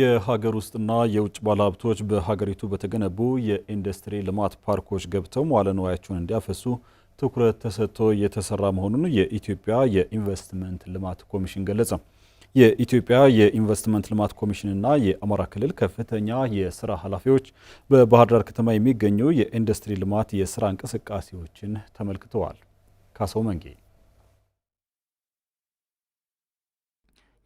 የሀገር ውስጥና የውጭ ባለሀብቶች በሀገሪቱ በተገነቡ የኢንዱስትሪ ልማት ፓርኮች ገብተው መዋለ ንዋያቸውን እንዲያፈሱ ትኩረት ተሰጥቶ የተሰራ መሆኑን የኢትዮጵያ የኢንቨስትመንት ልማት ኮሚሽን ገለጸ። የኢትዮጵያ የኢንቨስትመንት ልማት ኮሚሽንና የአማራ ክልል ከፍተኛ የስራ ኃላፊዎች በባህር ዳር ከተማ የሚገኙ የኢንዱስትሪ ልማት የስራ እንቅስቃሴዎችን ተመልክተዋል። ካሰው መንጌ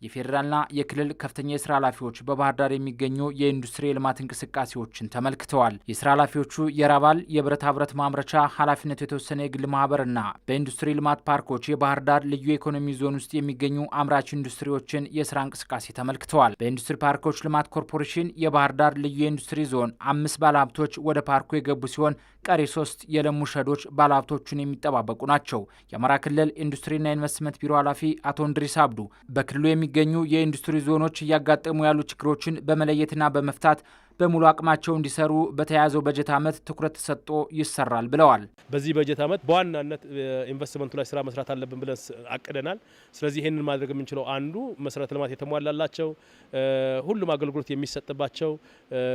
የፌዴራልና የክልል ከፍተኛ የስራ ኃላፊዎች በባህር ዳር የሚገኙ የኢንዱስትሪ የልማት እንቅስቃሴዎችን ተመልክተዋል። የስራ ኃላፊዎቹ የራባል የብረታ ብረት ማምረቻ ኃላፊነቱ የተወሰነ የግል ማህበርና በኢንዱስትሪ ልማት ፓርኮች የባህር ዳር ልዩ ኢኮኖሚ ዞን ውስጥ የሚገኙ አምራች ኢንዱስትሪዎችን የስራ እንቅስቃሴ ተመልክተዋል። በኢንዱስትሪ ፓርኮች ልማት ኮርፖሬሽን የባህር ዳር ልዩ የኢንዱስትሪ ዞን አምስት ባለሀብቶች ወደ ፓርኩ የገቡ ሲሆን ቀሪ ሶስት የለሙ ሸዶች ባለሀብቶቹን የሚጠባበቁ ናቸው። የአማራ ክልል ኢንዱስትሪና ኢንቨስትመንት ቢሮ ኃላፊ አቶ እንድሪስ አብዱ በክልሉ የሚ የሚገኙ የኢንዱስትሪ ዞኖች እያጋጠሙ ያሉ ችግሮችን በመለየትና በመፍታት በሙሉ አቅማቸው እንዲሰሩ በተያያዘው በጀት ዓመት ትኩረት ተሰጥቶ ይሰራል ብለዋል። በዚህ በጀት ዓመት በዋናነት ኢንቨስትመንቱ ላይ ስራ መስራት አለብን ብለን አቅደናል። ስለዚህ ይህንን ማድረግ የምንችለው አንዱ መሰረተ ልማት የተሟላላቸው ሁሉም አገልግሎት የሚሰጥባቸው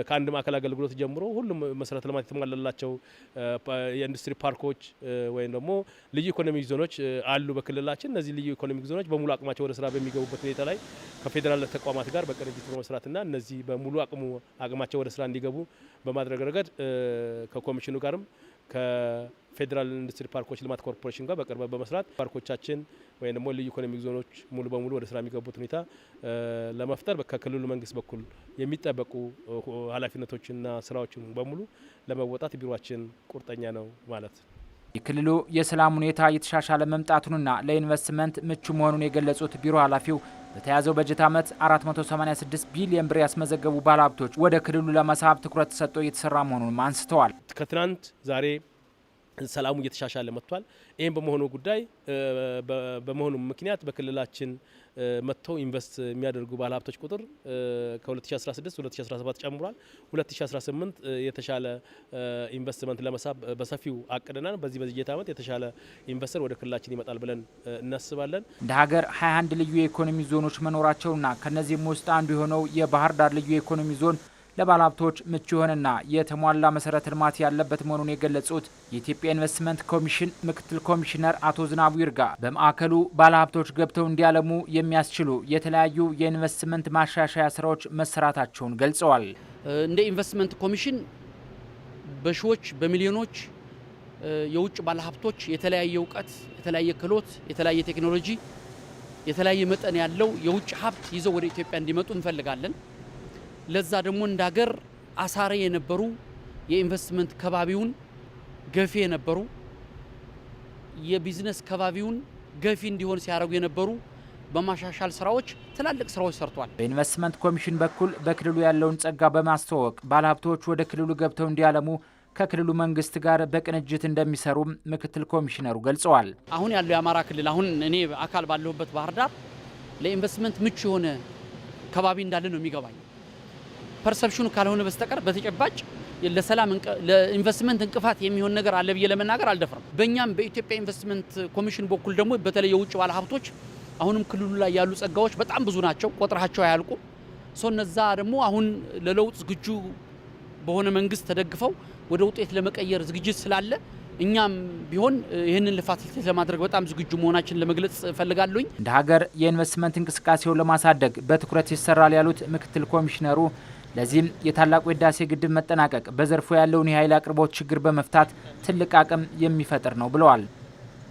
ከአንድ ማዕከል አገልግሎት ጀምሮ ሁሉም መሰረተ ልማት የተሟላላቸው የኢንዱስትሪ ፓርኮች ወይም ደግሞ ልዩ ኢኮኖሚክ ዞኖች አሉ በክልላችን። እነዚህ ልዩ ኢኮኖሚክ ዞኖች በሙሉ አቅማቸው ወደ ስራ በሚገቡበት ሁኔታ ላይ ከፌዴራል ተቋማት ጋር በቅንጅት በመስራትና እነዚህ በሙሉ አቅሙ ፈጥኗቸው ወደ ስራ እንዲገቡ በማድረግ ረገድ ከኮሚሽኑ ጋርም ከፌዴራል ኢንዱስትሪ ፓርኮች ልማት ኮርፖሬሽን ጋር በቅርበት በመስራት ፓርኮቻችን ወይም ደግሞ ልዩ ኢኮኖሚክ ዞኖች ሙሉ በሙሉ ወደ ስራ የሚገቡት ሁኔታ ለመፍጠር ከክልሉ መንግስት በኩል የሚጠበቁ ኃላፊነቶችና ስራዎችን በሙሉ ለመወጣት ቢሮችን ቁርጠኛ ነው ማለት ነው። የክልሉ የሰላም ሁኔታ እየተሻሻለ መምጣቱንና ለኢንቨስትመንት ምቹ መሆኑን የገለጹት ቢሮ ኃላፊው በተያዘው በጀት ዓመት 486 ቢሊዮን ብር ያስመዘገቡ ባለሀብቶች ወደ ክልሉ ለመሳብ ትኩረት ተሰጥቶ እየተሰራ መሆኑንም አንስተዋል። ከትናንት ዛሬ ሰላሙ እየተሻሻለ መጥቷል። ይህም በመሆኑ ጉዳይ በመሆኑ ምክንያት በክልላችን መጥተው ኢንቨስት የሚያደርጉ ባለሀብቶች ቁጥር ከ2016 2017 ጨምሯል። 2018 የተሻለ ኢንቨስትመንት ለመሳብ በሰፊው አቅደናል። በዚህ በጀት ዓመት የተሻለ ኢንቨስተር ወደ ክልላችን ይመጣል ብለን እናስባለን። እንደ ሀገር 21 ልዩ የኢኮኖሚ ዞኖች መኖራቸውና ከነዚህም ውስጥ አንዱ የሆነው የባህር ዳር ልዩ የኢኮኖሚ ዞን ለባለሀብቶች ምቹ የሆነና የተሟላ መሰረተ ልማት ያለበት መሆኑን የገለጹት የኢትዮጵያ ኢንቨስትመንት ኮሚሽን ምክትል ኮሚሽነር አቶ ዝናቡ ይርጋ በማዕከሉ ባለሀብቶች ገብተው እንዲያለሙ የሚያስችሉ የተለያዩ የኢንቨስትመንት ማሻሻያ ስራዎች መሰራታቸውን ገልጸዋል። እንደ ኢንቨስትመንት ኮሚሽን በሺዎች በሚሊዮኖች የውጭ ባለሀብቶች የተለያየ እውቀት፣ የተለያየ ክህሎት፣ የተለያየ ቴክኖሎጂ፣ የተለያየ መጠን ያለው የውጭ ሀብት ይዘው ወደ ኢትዮጵያ እንዲመጡ እንፈልጋለን። ለዛ ደግሞ እንደ ሀገር አሳሪ የነበሩ የኢንቨስትመንት ከባቢውን ገፊ የነበሩ የቢዝነስ ከባቢውን ገፊ እንዲሆን ሲያደርጉ የነበሩ በማሻሻል ስራዎች ትላልቅ ስራዎች ሰርቷል። በኢንቨስትመንት ኮሚሽን በኩል በክልሉ ያለውን ጸጋ በማስተዋወቅ ባለሀብቶች ወደ ክልሉ ገብተው እንዲያለሙ ከክልሉ መንግስት ጋር በቅንጅት እንደሚሰሩ ምክትል ኮሚሽነሩ ገልጸዋል። አሁን ያለው የአማራ ክልል አሁን እኔ አካል ባለሁበት ባህር ዳር ለኢንቨስትመንት ምቹ የሆነ ከባቢ እንዳለ ነው የሚገባኝ። ፐርሰፕሽኑ ካልሆነ በስተቀር በተጨባጭ ለሰላም ለኢንቨስትመንት እንቅፋት የሚሆን ነገር አለ ብዬ ለመናገር አልደፍርም። በእኛም በኢትዮጵያ ኢንቨስትመንት ኮሚሽን በኩል ደግሞ በተለይ የውጭ ባለሀብቶች አሁንም ክልሉ ላይ ያሉ ጸጋዎች በጣም ብዙ ናቸው፣ ቆጥራቸው አያልቁም። ሰው እነዛ ደግሞ አሁን ለለውጥ ዝግጁ በሆነ መንግስት ተደግፈው ወደ ውጤት ለመቀየር ዝግጅት ስላለ እኛም ቢሆን ይህንን ፋሲሊቴት ለማድረግ በጣም ዝግጁ መሆናችን ለመግለጽ እፈልጋለሁኝ። እንደ ሀገር የኢንቨስትመንት እንቅስቃሴውን ለማሳደግ በትኩረት ይሰራል ያሉት ምክትል ኮሚሽነሩ ለዚህም የታላቁ የህዳሴ ግድብ መጠናቀቅ በዘርፉ ያለውን የኃይል አቅርቦት ችግር በመፍታት ትልቅ አቅም የሚፈጥር ነው ብለዋል።